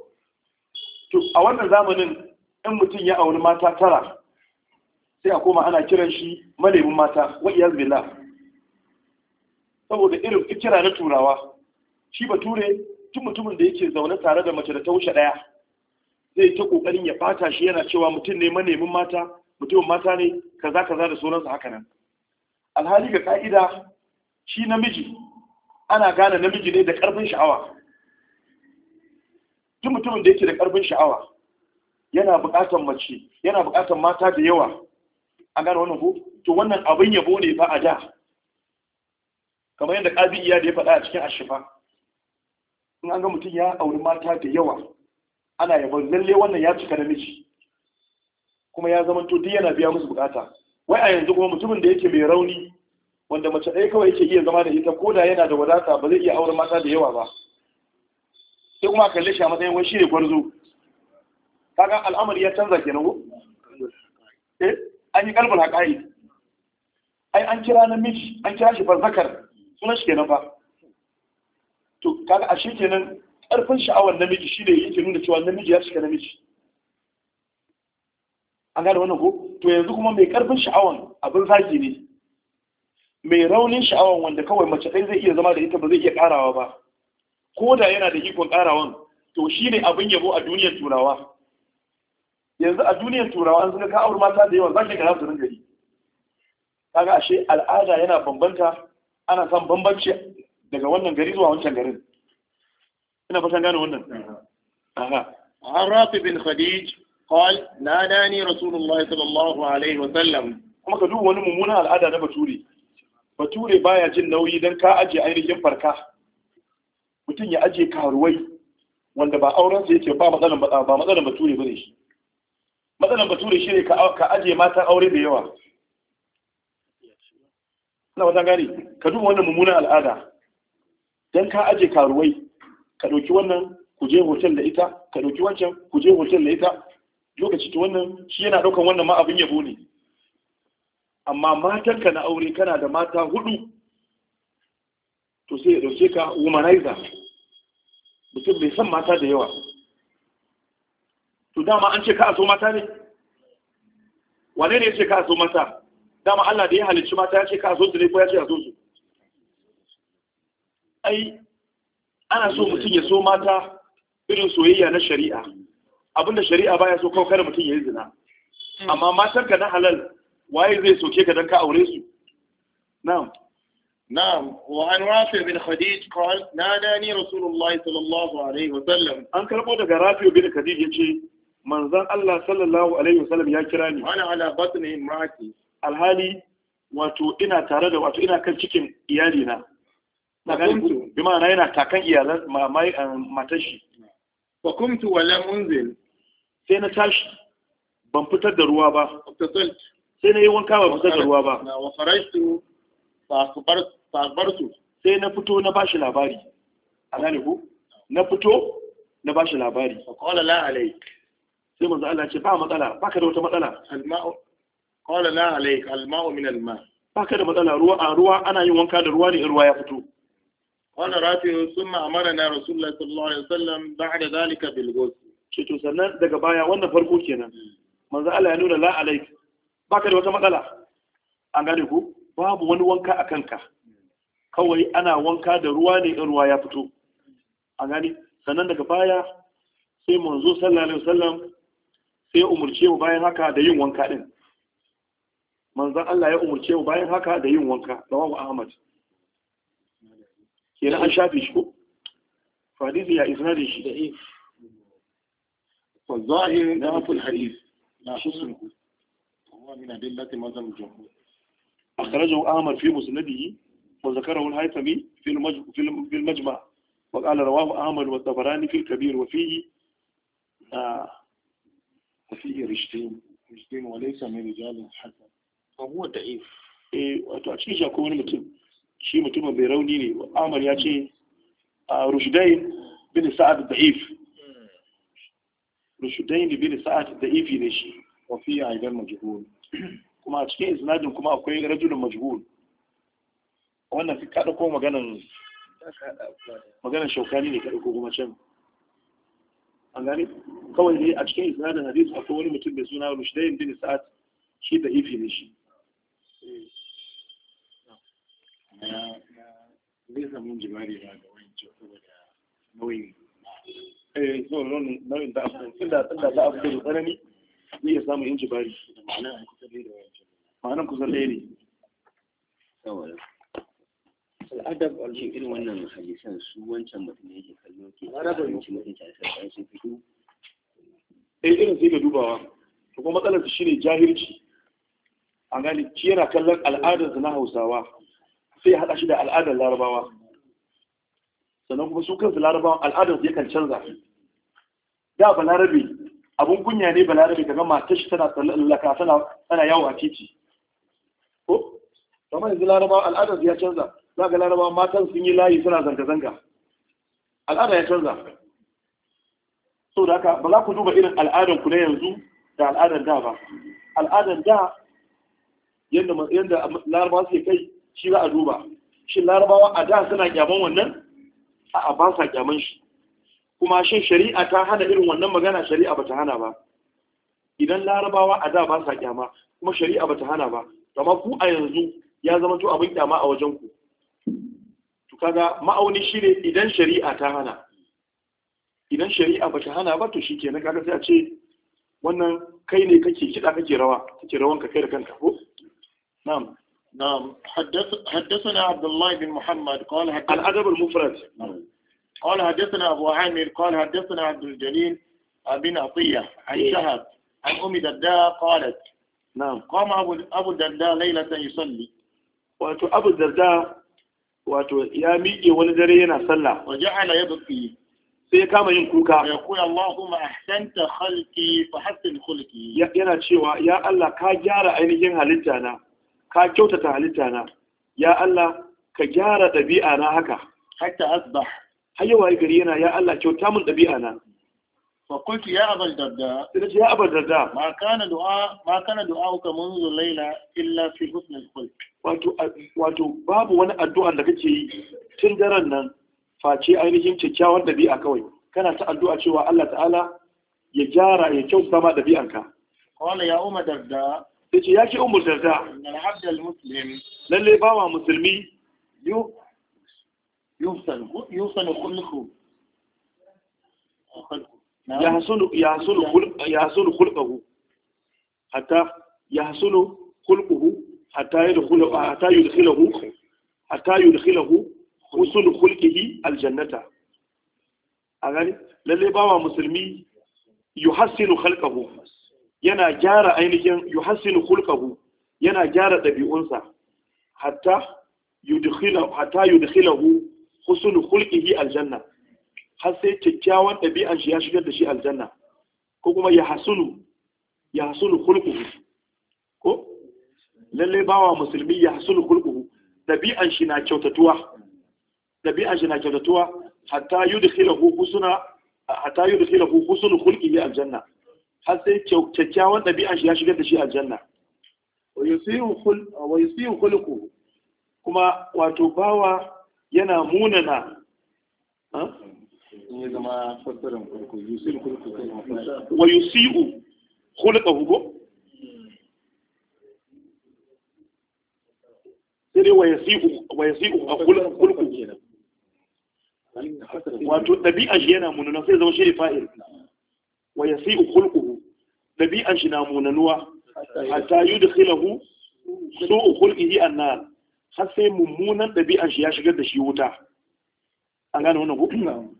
to a wannan zamanin in mutum ya auri mata tara sai a koma ana kiran shi malamin mata wa iyaz billah saboda irin fikira na turawa shi bature tun mutumin da yake zaune tare da mace da taushe ɗaya zai ta ƙoƙarin ya fata shi yana cewa mutum ne manemin mata mutumin mata ne kaza kaza da sauransu haka nan alhali ga ka'ida shi namiji ana gane namiji ne da ƙarfin sha'awa duk mutumin da yake da ƙarfin sha'awa yana buƙatar mace yana buƙatar mata da yawa an gane wannan ko to wannan abin yabo ne ba a da kamar yadda ƙabi iya da ya faɗa a cikin ashifa in an ga mutum ya auri mata da yawa ana yabon lalle wannan ya cika namiji kuma ya zama duk yana biya musu bukata wai a yanzu kuma mutumin da yake mai rauni wanda mace ɗaya kawai yake iya zama da ita ko da yana da wadata ba zai iya auren mata da yawa ba sai kuma kalle shi a matsayin wani shine gwarzo kaga al'amari ya canza kenan ko eh an yi kalbul haqa'i ai an kira namiji an kira shi farzakar sunan shi kenan fa to kaga a shi kenan karfin sha'awar namiji shi ne yake nuna cewa namiji ya shiga namiji an gane wannan ko to yanzu kuma mai karfin sha'awan abin zagi ne mai raunin sha'awan wanda kawai mace ɗaya zai iya zama da ita ba zai iya ƙarawa ba ko da yana da ikon ƙarawan to shi ne abin yabo a duniyar turawa yanzu a duniyar turawa an ka aure mata da yawa zaki ki za su ringa yi kaga ashe al'ada yana bambanta ana son bambanci daga wannan gari zuwa wancan garin ina fatan gane wannan aha Rafi bin Khadij قال ناداني رسول الله صلى الله عليه وسلم kuma ka duba wani mummunan al'ada na bature bature baya jin nauyi don ka ajiye ainihin farka mutum ya ajiye karuwai wanda ba auren sa yake ba matsalan ba matsalan bature bane shi matsalan bature shi ne ka ajiye matan aure da yawa ina wata gani ka duba wannan mummunan al'ada don ka ajiye karuwai ka ɗauki wannan ku je hotel da ita ka ɗauki wancan ku je hotel da ita lokaci to wannan shi yana daukan wannan ma abin yabo ne amma matanka na aure kana da mata hudu to sai ya dauke ka womanizer mutum bai san mata da yawa to dama an ce ka a so mata ne wane ne ya ce ka a so mata dama Allah da ya halicci mata ya ce ka a so su ne ko ya ce a so su ai ana so mutum ya so mata irin soyayya na shari'a abinda shari'a baya so kawo kada mutum ya yi zina hmm. amma matar ka na halal waye zai soke ka dan ka aure su na'am نعم وعن رافع بن خديج قال ناداني رسول الله صلى الله عليه وسلم أن كربو دقى رافع بن خديج يجي من ذن الله صلى الله عليه وسلم يا كراني أنا على بطن wato ina tare da wato ina kan cikin iyali na bi ma'ana yana takan iyalan mamaye eh, matashi wa wa lam unzil sai na tashi ban fitar da ruwa ba sai na yi wanka ba fitar da ruwa ba sai na fito na bashi labari a gane ku na fito na bashi labari sai manzo Allah ce ba matsala baka da wata matsala alma'u qala la alayk alma'u min alma baka da matsala ruwa a ruwa ana yin wanka da ruwa ne ruwa ya fito qala rafi thumma amarna rasulullahi sallallahu alaihi wasallam ba'da da bil ghusl ce to sannan daga baya wannan farko kenan manzo Allah ya nuna la alaik baka da wata matsala an gane ku babu wani wanka a kanka kawai ana wanka da ruwa ne in ruwa ya fito an gane sannan daga baya sai manzo sallallahu alaihi wasallam sai umurce mu bayan haka da yin wanka din manzo Allah ya umurce mu bayan haka da yin wanka rawahu Ahmad kenan an shafe shi ko hadisi ya isnadin shi da'if فالظاهر في الحديث لا حسنه هو من أدلة مذهب الجمهور أخرجه أحمد في مسنده وذكره الهيثمي في المجمع وقال رواه أحمد والطبراني في الكبير وفيه آه وفيه رشتين رشتين وليس من رجال حسن وهو ضعيف إيه wato a متم shi متم بيروني mutum shi mutumin bai rauni ne Ahmad ya rushudain bin sa'ad da ifi ne shi wa fi aidan majhul kuma a cikin isnadin kuma akwai rajulun majhul wannan fi kada ko maganan maganan shaukani ne kada ko kuma can an kawai ne a cikin isnadin hadisi akwai wani mutum da suna rushudain bin sa'ad shi da ifi ne shi jimari ba ga wani saboda a ma'anan kusan ɗaya ne irin wannan wancan a eh irin sai ga dubawa to kuma matsalar shi ne jahilci A gani, shi yana kallon al'adar na Hausawa sai ya haɗa shi da al'adar Larabawa sannan kuma su kansu Larabawa al'adar yakan canza da balarabe abun kunya ne balarabe kaga matar shi tana tsallaka tana tana yawo a titi ko kuma yanzu laraba al'ada ya canza za ga laraba matan sun yi layi suna zanga-zanga al'ada ya canza so da haka ba za ku duba irin al'adan ku na yanzu da al'adan da ba Al'adan da yadda larabawa suke kai shi za a duba Shin larabawa a da suna kyaman wannan a ba sa kyaman shi kuma shin shari'a ta hana irin wannan magana shari'a bata hana ba idan larabawa a da ba sa kyama kuma shari'a bata hana ba amma ku a yanzu ya zama to abin kyama a wajen ku to kaga ma'auni shine idan shari'a ta hana idan shari'a bata hana ba to shikenan kaga sai a ce wannan kai ne kake kiɗa kake rawa kake rawan ka kai da kanka ko na'am na'am haddathana abdullahi bin muhammad qala haddathana al-adab al-mufrad قال حدثنا أبو عامر قال حدثنا عبد الجليل بن عطية عن شهب عن أم الدرداء قالت نعم قام أبو أبو الدرداء ليلة يصلي وأتو أبو الدرداء وأتو يا ميجي ولدرينا صلى وجعل يبكي sai ya kama yin kuka ya koya Allahumma ahsanta khalqi fa hassin khulqi yana cewa ya Allah ka gyara ainihin halitta na ka kyautata halitta na ya Allah ka gyara ɗabi'a na haka hatta asbah har waye gari yana ya Allah kyauta mun ɗabi'a na فقلت يا أبا الدرداء يا أبا الدرداء ما كان دعاء ما كان دعاؤك منذ الليلة إلا في حسن الخلق wato wato babu wani addu'a da kake yi tun daren nan face ainihin kyakkyawar dabi'a kawai kana ta addu'a cewa Allah ta'ala ya gyara ya kyauta ma dabi'anka qala ya umar darda ce ya ke umar darda Lallai, lalle bawa musulmi yu يحسن يحسن خلقه يحسن يحسن خلق يحسن خلقه حتى يحسن خلقه حتى يدخل حتى يدخله حتى يدخله حسن خلقه الجنة أغاني للي باوا مسلمي يحسن خلقه yana gyara ainihin yuhassinu khulqahu yana gyara dabi'unsa hatta yudkhilahu hatta yudkhilahu husnul khulqihi aljanna har sai kyakkyawan ɗabi'an shi ya shigar da shi aljanna ko kuma ya hasulu ya hasulu khulquhu ko lalle bawa musulmi ya hasulu khulquhu ɗabi'an shi na kyautatuwa ɗabi'an shi na kyautatuwa hatta yudkhilahu husna hatta yudkhilahu husnul khulqihi aljanna har sai kyakkyawan ɗabi'an shi ya shigar da shi aljanna wa yusiru khulquhu kuma wato bawa yana munana ya zama fassarar farko yusil kulku wa yusiu khulqa hugo sai wa yusiu wa yusiu akhulqa wato ɗabi'an shi yana munana sai zama shiri fa'il wa ya sai ukulkuhu ɗabi'an shi na munanuwa hatta yudkhilahu da khulqihi annar har sai mummunan ɗabi'an shi ya shigar da shi wuta an gane wannan hukun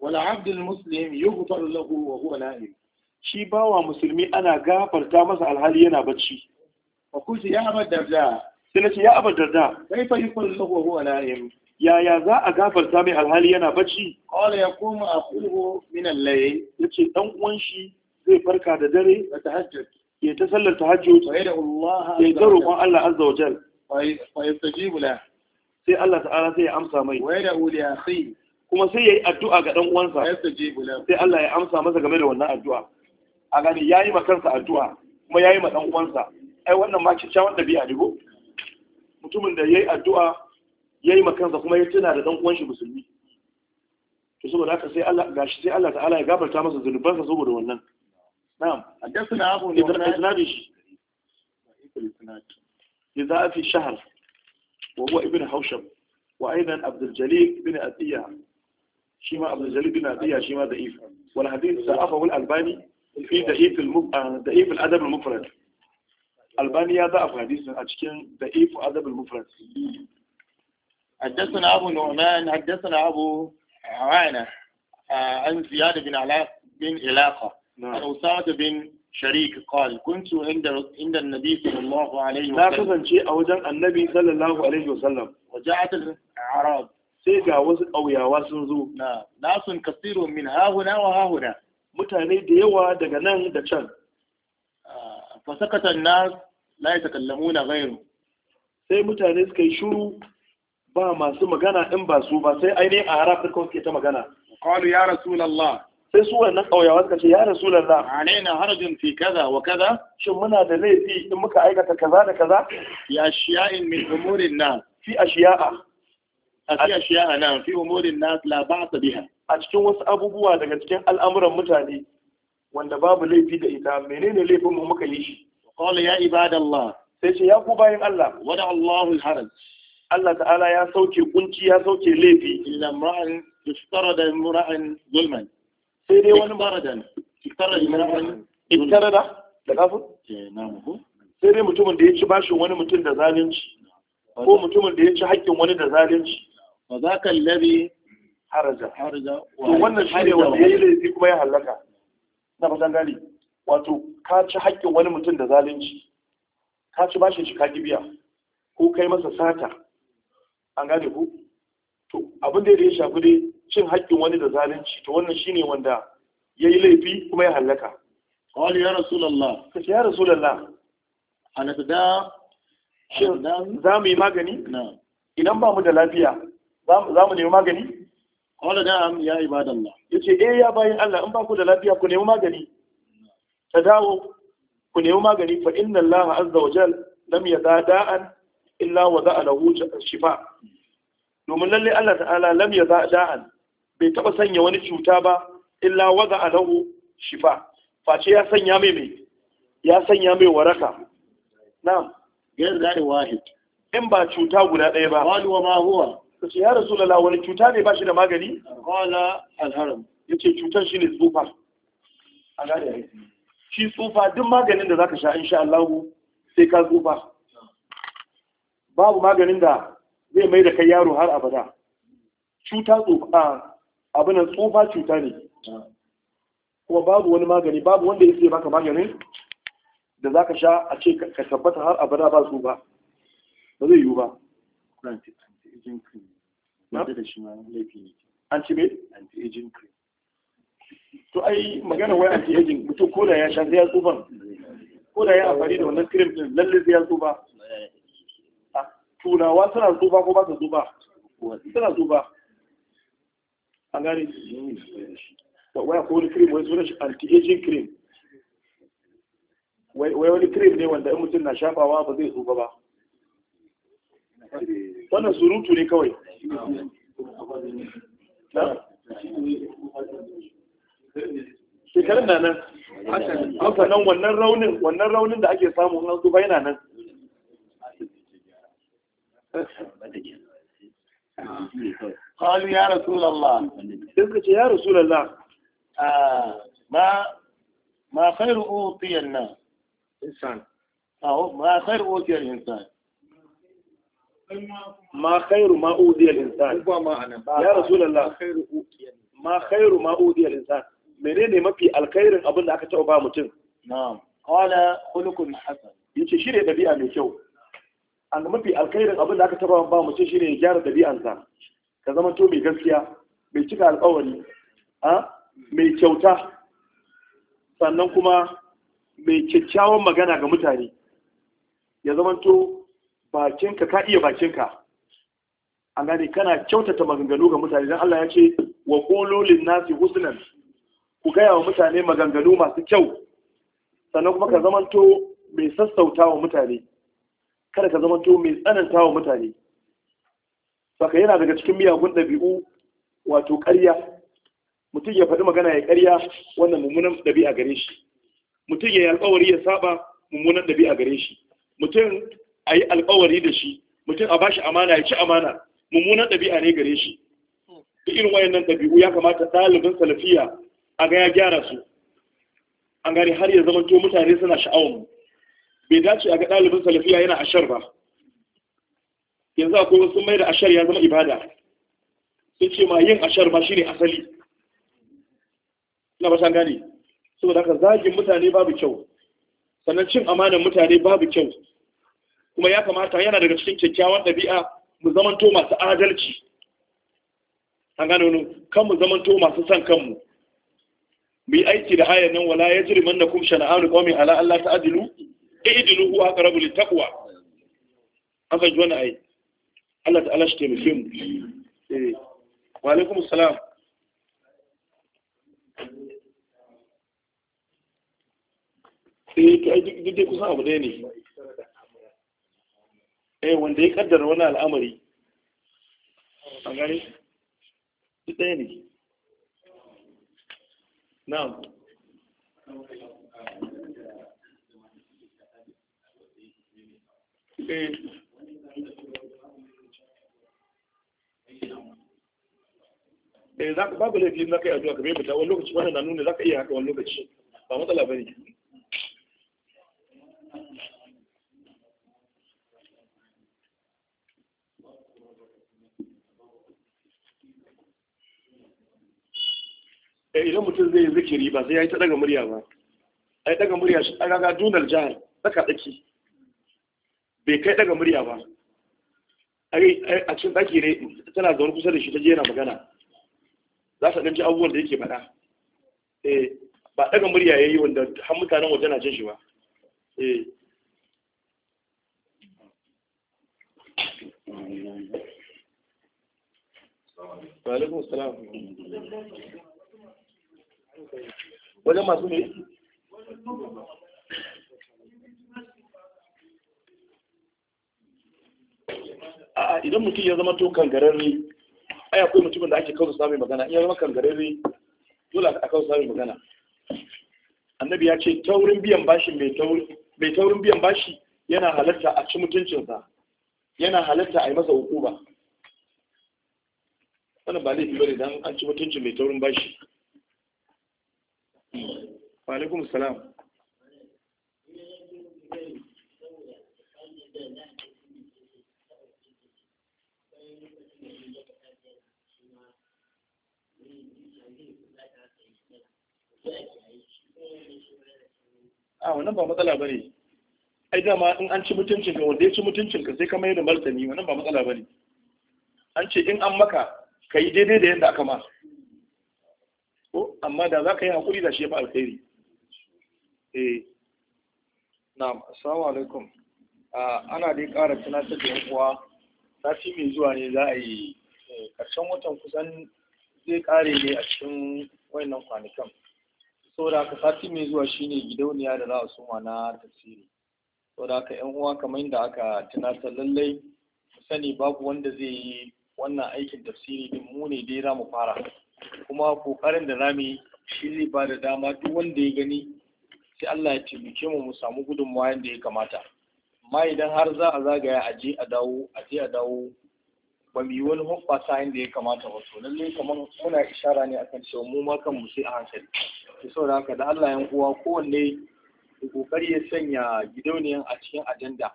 wala abdul muslim yughfar lahu wa huwa na'im shi bawa musulmi ana gafarta masa alhali yana bacci fa kunti ya abad darda sai nace ya abad darda kai fa yughfar lahu wa huwa na'im yaya za a gafarta mai alhali yana bacci qala yaqumu aqulu min al-layl yace dan uwan shi zai farka da dare ta tahajjud ya ta sallar tahajjud ya da Allah ya roƙon Allah azza wa jalla fa yastajibu la sai Allah ta'ala sai ya amsa mai wa yad'u li akhi kuma sai yayi addu'a ga dan uwansa yastajibu la sai Allah ya amsa masa game da wannan addu'a a gani yayi ma kansa addu'a kuma yayi ma dan uwansa ai wannan ma kyakkyawan dabi'a ne ko mutumin da yayi addu'a yayi ma kansa kuma ya tuna da dan uwan shi musulmi to saboda haka sai Allah gashi sai Allah ta'ala ya gafarta masa zunubansa saboda wannan na'am haddathana abu ne da isnadi shi لذا في شهر وهو ابن حوشب وأيضا عبد الجليل بن أتية شيما عبد الجليل بن أتية شيما ضعيف والحديث ضعفه الألباني في ضعيف آه، ضعيف الأدب المفرد الباني ضعف حديث أشكين ضعيف الأدب المفرد حدثنا أبو نعمان حدثنا أبو عوانة آه، عن زياد بن علاق بن علاقة نعم. عن أسامة بن شريك قال كنت عند عند النبي صلى الله عليه وسلم لا كنت أوجه النبي صلى الله عليه وسلم وجاءت الأعراب سيجا وسط أو يا وسنزو ناس كثير من ها هنا وها هنا متاني ديوا yawa daga nan da can ah, fasakatan nas la yatakallamuna ghayru sai mutane suka yi shuru ba masu magana in ba su ba sai ainihin a harafin kawai ke ta magana qalu ya rasulullah sai su wannan ƙauyawa suka ce ya rasulallah alaina harajin fi kaza wa kaza shin muna da laifi in muka aikata kaza da kaza ya shiya'in min umurin na fi ashiya'a a fi ashiya'a na fi umurin na la ta biha a cikin wasu abubuwa daga cikin al'amuran mutane wanda babu laifi da ita menene laifin mu muka yi shi qala ya ibadallah sai ce ya ku bayin Allah wada Allahu al-haraj Allah ta'ala ya sauke kunci ya sauke laifi illa imra'an yushtara da imra'an zulman sai dai wani baradan iktarada da kafin eh, sai dai mutumin da ya ci bashin wani mutum da zalunci ko mutumin da ya ci haƙƙin wani da zalunci ba za ka lare haraja to wannan shi ne wanda ya yi laifi kuma ya hallaka na zan gani wato ka ci haƙƙin wani mutum da zalunci ka ci bashin shi ka biya ko kai masa sata an gane ku to abin da ya shafi dai cin haƙƙin wani da zalunci to wannan shine wanda ya yi laifi kuma ya hallaka qala ya rasulullah ce ya rasulullah anada za mu yi magani idan ba mu da lafiya za mu nemi magani qala na'am ya ibadallah yace eh ya bayin Allah in ba ku da lafiya ku nemi magani ta dawo ku nemi magani fa inna Allah azza wa jal lam yada da'an illa wa za'a lahu shifa domin lalle Allah ta'ala lam yada da'an bai taba sanya wani cuta ba illa waza alahu shifa face ya sanya mai mai ya sanya mai waraka na'am gairu gari wahid in ba cuta guda ɗaya ba qalu wa ma huwa kace ya rasulullahi wani cuta ne ba shi da magani qala al-haram yace cutar shi ne tsufa a gari shi tsufa duk maganin da zaka sha insha Allah sai ka tsufa babu maganin da zai mai da kai yaro har abada cuta tsufa abinan tsufa cuta ne kuma babu wani magani babu wanda ya sai baka maganin da za ka sha a ce ka tabbata har abada ba su ba ba zai yiwu ba an ci mai? anti-aging cream to ai magana wai anti-aging mutum ko da ya sha zai tsufan ko da ya amfani da wannan cream din lalle zai tsufa eh. ah, tunawa suna tsufa ko ba su tsufa suna tsufa waya ko wani cream wai shi anti ne wanda in mutum na shafawa ba zai tsufa ba wannan surutu ne kawai shekarun na nan haka wannan raunin wannan raunin da ake samu na tsufa yana nan Qalu ya Rasulullah. Sai ka ce ya Rasulullah. Ma ma khairu utiyan nan. Insan. Aho ma khairu utiyan insan. Ma khairu ma utiyan insan. Ya Rasulullah. Ma khairu ma utiyan insan. Menene mafi alkhairin abin da aka taɓa ba mutum? Na'am. Qala khuluqun hasan. Yace shi ne ɗabi'a mai kyau. an mafi alkhairin abin da aka taba ba mutum shine ya gyara dabi'ansa ka zama to mai gaskiya mai cika alƙawari a mai kyauta sannan kuma mai kyakkyawan magana ga mutane ya zama to bakinka ka iya bakinka an gane kana kyautata maganganu ga mutane don Allah ya ce wa kololin nasi husnan ku gaya wa mutane maganganu masu kyau sannan kuma ka zama to mai wa mutane kada ka zama to mai tsananta wa mutane saka yana daga cikin miyagun ɗabi'u wato ƙarya mutum ya faɗi magana ya ƙarya wannan mummunan ɗabi'a gare shi mutum ya yi alƙawari ya saba mummunan ɗabi'a gare shi mutum a yi alƙawari da shi mutum a ba shi amana ya ci amana mummunan ɗabi'a ne gare shi duk irin wayannan ɗabi'u ya kamata ɗalibin salafiya a ga ya gyara su an gani har ya zama to mutane suna sha'awar mu bai dace a ga ɗalibin salafiya yana ashar ba yanzu akwai wasu mai da ashar ya zama ibada sun ce ma yin ashar shi ne asali na basan gane saboda haka zagin mutane babu kyau sannan cin amanan mutane babu kyau kuma ya kamata yana daga cikin kyakkyawan ɗabi'a mu zamanto masu adalci an gane wani kan mu zamanto masu son kanmu mu yi aiki da ayan nan wala ya jiri na kum shana'anu qawmin ala Allah adilu idilu huwa aqrabu littaqwa an fahimci wani ai Allah ta'ala shi taimake mu eh wa alaikum assalam eh to ai duk dai kusan abu ɗaya ne eh wanda ya kaddara wani al'amari an gani duk ɗaya ne na'am eh, eh za ka babu laifi na kai addu'a ka bai fita wani lokaci wannan na nuna za ka iya haka wani lokaci ba matsala ba ne eh, idan mutum zai yi zikiri ba sai ya yi ta daga murya ba a yi daga murya shi aga dunal jihar, tsaka tsaki bai kai daga murya ba a cikin ɗaki ne tana zaune kusa da shi ta jera magana za ta ɗanci abubuwan da yake faɗa eh, ba daga murya ya yi wanda har mutanen waje na jin shi ba eh. wajen masu ne a idan mutum ya zama to a ai akwai mutumin da ake kawo sami magana in ya zama kangararre dole a kawo sami magana annabi ya ce taurin biyan bashi mai taurin biyan bashi yana halatta a ci mutuncinsa yana halatta a yi masa hukuma wannan ba laifi bane dan an ci mutuncin mai taurin bashi wa alaikum a wannan ba matsala bane ai dama in an ci mutuncin ka wanda ya ci mutuncin ka sai ka mai da martani wannan ba matsala bane an ce in an maka ka yi daidai da yadda aka ma ko amma da za ka yi hakuri da shi ya fi alkhairi eh na'am assalamu alaikum ana dai ƙara tunatar da yan uwa sati mai zuwa ne za a yi eh, ƙarshen watan kusan zai ƙare ne a cikin wayannan kwanakin saboda haka sati mai zuwa shine gidauniya da za a suma na tafsiri saboda haka yan uwa kamar yadda aka tunatar lallai mu sani babu wanda zai yi wannan aikin tafsiri din mu ne dai za mu fara kuma kokarin da za mu yi shi zai ba da dama duk wanda ya gani sai Allah ya taimake mu mu samu gudunmawa yadda ya kamata amma idan har za a zagaya a je a dawo a je a dawo ba mu yi wani hoɓɓasa yadda ya kamata ba to lallai kamar muna ishara ne akan cewa mu ma kanmu sai a hankali to saboda haka da Allah yan uwa kowanne da kokari ya sanya gidauniyan a cikin ajanda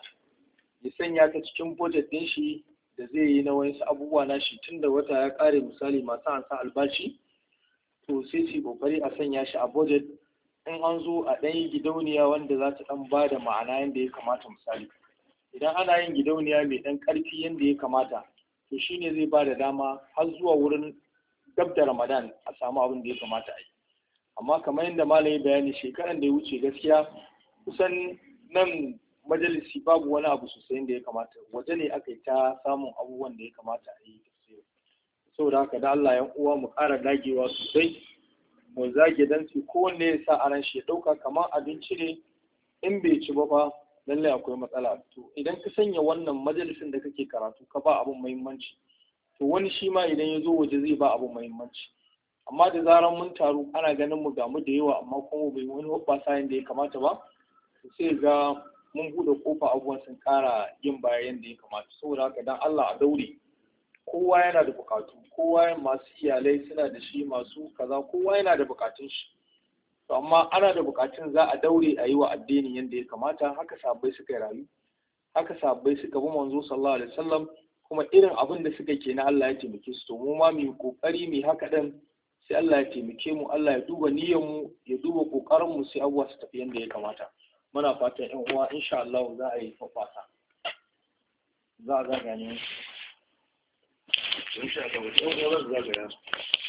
ya sanya ta cikin budget din shi da zai yi na wasu abubuwa na shi tunda wata ya kare misali masu ansa albashi to sai su kokari a sanya shi a budget in an zo a ɗan yi gidauniya wanda za ta ɗan ba da ma'ana yadda ya kamata misali idan ana yin gidauniya mai ɗan ƙarfi yadda ya kamata to shine zai ba da dama har zuwa wurin gab da ramadan a samu abin da ya kamata a yi amma kamar yadda malami bayani shekaran da ya wuce gaskiya kusan nan majalisi babu wani abu sosai da ya kamata waje ne aka yi ta samun abubuwan da ya kamata a yi saboda haka da Allah yan uwa mu ƙara dagewa sosai mu zage dan su kowanne ya sa aran shi ya ɗauka kamar abinci ne in bai ci ba ba lallai akwai matsala to idan ka sanya wannan majalisin da kake karatu ka ba abun muhimmanci to wani shi ma idan ya zo waje zai ba abun muhimmanci amma da zaran mun taru ana ganin mu gamu da yawa amma kuma bai wani hoɓɓasa yadda ya kamata ba sai ga mun buɗe kofa abubuwan sun kara yin baya yadda ya kamata saboda haka dan Allah a daure kowa yana da bukatu kowa masu iyalai suna da shi masu kaza kowa yana da bukatun shi to amma ana da bukatun za a daure a yi wa addini yadda ya kamata haka sabbai suka yi rayu haka sabbai suka bi manzo sallallahu alaihi wasallam kuma irin abin da suka ke na Allah ya taimake su to mu ma mu kokari mu haka din sai Allah ya taimake mu Allah ya duba niyyar mu ya duba kokarin mu sai abuwa su tafi yanda ya kamata muna fatan ƴan uwa insha Allah za a yi fafasa za a ga ne insha Allah za a